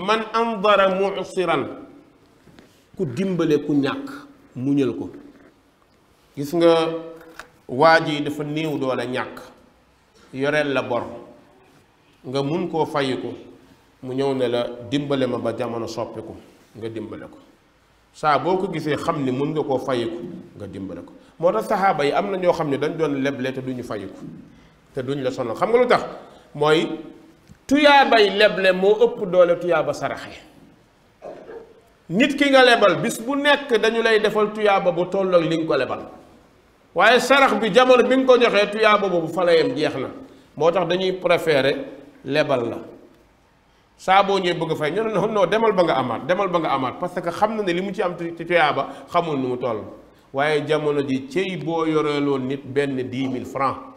man andara mu'siran ku dimbale ku ñàkk muñal ko gis nga waa ji dafa néew doole ñàkk yoreel la bor nga mun koo fayi ko mu ñëw ne la dimbale ma ba jamono soppiku nga dimbale ko saa boo ko gisee xam ni mun nga koo fayiku nga dimbale ko moo tax saxaaba yi am na ñoo xam ne dañ doon leble te duñu fayiku te duñ la sonal xam nga lu tax mooy tuyaabay leble moo ëpp doole tuyaaba saraxe nit ki nga lebal bis bu nekk dañu lay defal tuyaaba bu toll ak li nga ko lebal waaye sarax bi jamono bi nga ko joxee tuyaaba boobu fa la jeex na moo tax dañuy préférer lebal la saa boo ñëwee bëgg fay ñu ne noo demal ba nga amaat demal ba nga amaat parce que xam na ne li mu ci am ci tuyaaba xamul nu mu toll waaye jamono ji cëy boo yoreeloon nit benn dix mille francs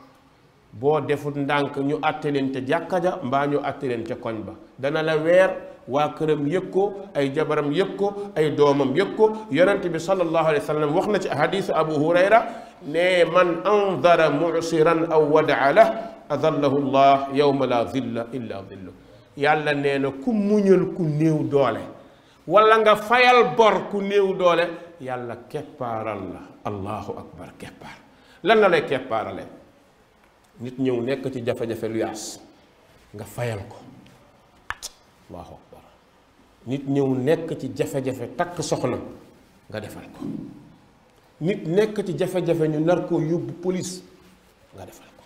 bo defut ndànk ñu àtte leen ca jàkka ja ñu àtte leen ca koñ ba dana la wër wa kërëm yekko ay jabaram yekko ay domam yekko yaronte bi sallallahu alayhi wasallam waxna ci hadith abu hurayra ne man anzara musiran aw wad'ala adallahu allah yawma la dhilla illa dhillu yàlla neena ku muñul ku néew doole wala nga fayal bor ku néew doole yàlla kepparal la allahu akbar keppar lan la lay keppaarale nit ñëw nekk ci jafe-jafe lu yaas nga fayal ko allahu nit ñëw nekk ci jafe-jafe takk soxna nga defal ko nit nekk ci jafe-jafe ñu nar koo yóbbu polis nga defal ko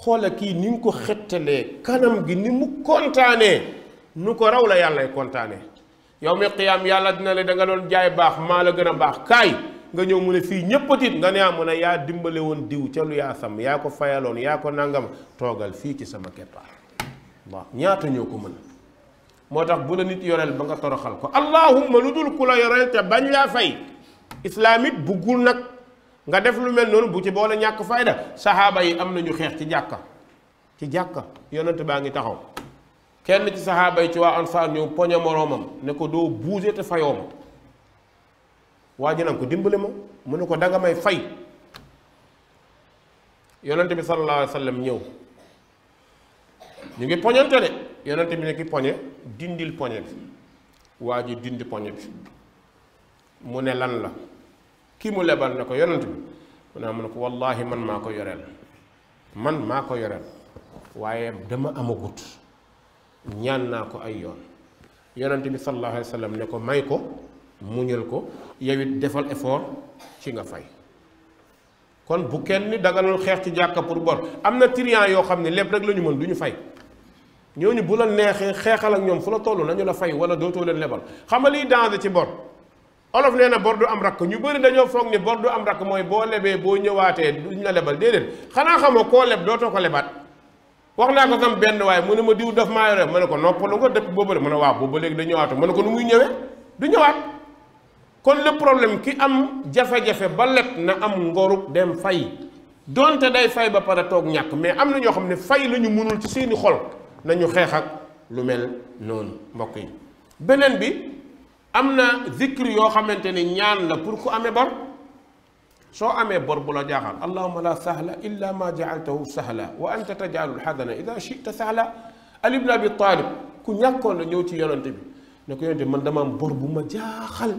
xoola kii ni nga ko xettalee kanam gi ni mu kontaanee nu ko raw la yàllay kontaanee yow mi qiyaam yàlla dina la da nga doon jaay baax maa la gën a baax kaay nga ñëw mu ne fii ñëpp a tiit nga ne ah mu ne yaa dimbale woon diw ca lu yaa sàmm yaa ko fayaloon yaa ko nangam toogal fii ci sama keppaar waaw ñaata ñoo ko mën moo tax bu la nit yoreel ba nga toroxal ko allahumma lu dul ku la yoreel te bañ laa fay islaamit buggul nag nga def lu mel noonu bu ci boole ñàkk fayda saxaaba yi am na ñu xeex ci jàkka ci jàkka yonent baa ngi taxaw kenn ci saxaaba yi ci waa ansaar ñëw poñe moroomam ne ko doo buuse te fayoo waa ji nag ko dimbali ma mu ne ko danga may fay yonente bi sallallahu alayhi wa ñëw ñu ngi poñante de yonente bi ne ki poñe dindil poñe bi waa ji dindi poñe bi mu ne lan la kii mu lebal ne ko yonent bi mu ne mu ne ko wallaahi man maa ko yoreel man maa ko yoreel waaye dama amagut ñaan naa ko ay yoon yonent bi sallallahu alayhi ne ko may ko muñal ko yow it defal effort ci nga fay kon bu kenn dagalul xeex ci jàkka pour bor am na triant yoo xam ne lépp rek la ñu mën du ñu fay ñooñu bu la neexee xeexal ak ñoom fu la toll lañu la fay wala dootoo leen xam nga liy danger ci bor olof nee na bor du am rakk ñu bëri dañoo foog ni bor du am rakk mooy boo lebee boo ñëwaatee duñ la lebal déedéet xanaa xamoo koo leb dootoo ko lebaat wax naa ko sam benn waaye mu ne ma diw daf maa yore ma ne ko noppalu nga dëpp boobu rek a waa waaw boobu léegi da ñëwaatu ma ko nu muy ñëwee du ñëwaat kon le problème ki am jafe-jafe ba leb na am ngorug dem fay donte day fay ba pare toog ñàkk mais am na ñoo xam ne fay la ñu mënul ci seeni xol nañu xeex ak lu mel noonu mbokk yi beneen bi am na zikr yoo xamante ne ñaan la pour ku amee bor soo amee bor bu la jaaxal allahuma la sahla illa ma jaaltahu sahla wa anta tajaalu lxadana ida chita sahla ali ibn abi talib ku ñàkkoon la ñëw ci yonante bi ne ko yonante man dama am bor bu ma jaaxal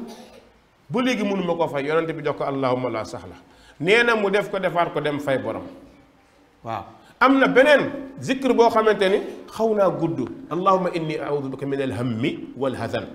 ba léegi mënu ma koo fay yonent bi jox ko allahumma la saxla nee na mu def ko defaat ko dem fay borom waaw am na beneen zikr boo xamante ni xaw naa gudd allahumma inni audu bika min alhammi walhazan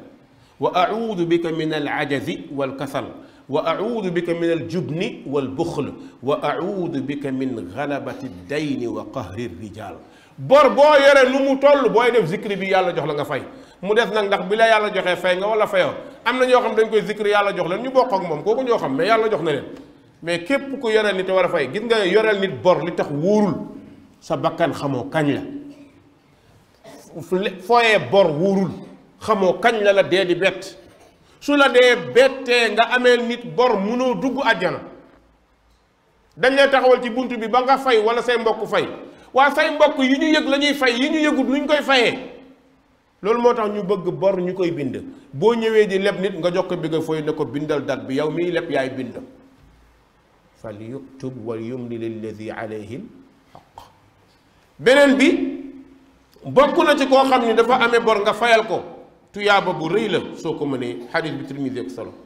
wa audu bika min alajazi walkasal wa audu bika min aljubni walbuxl wa audu bika min galabati dayni wa qahri rijal bor boo yore lu mu toll booy def zikr bi yàlla jox la nga fay mu des nag ndax bi la yàlla joxe fay nga wala fayoo am na ñoo xam dañ koy zikri yàlla jox leen ñu bokk ak moom kooku ñoo xam mais yàlla jox na leen mais képp ku yoreel nit te war a fay gis nga yoreel nit bor li tax wóorul sa bakkan xamoo kañ la fooyee bor wóorul xamoo kañ la la dee di bett su la dee bettee nga amee nit bor munoo dugg àjjana dañ lay taxawal ci bunt bi ba nga fay wala say mbokk fay waa say mbokk yi ñu yëg lañuy fay yi ñu yëgut nuñ koy fayee loolu moo tax ñu bëgg bor ñu koy bind boo ñëwee di leb nit nga jox ko bigga fooy ne ko bindal dat bi yow miy leb yaay bind fal yuktub wal yumli lilladi alayhi xaq beneen bi bokk na ci koo xam ni dafa amee bor nga fayal ko tuyaaba bu rëy la soo ko mënee xadis bi Tirmisi ak solo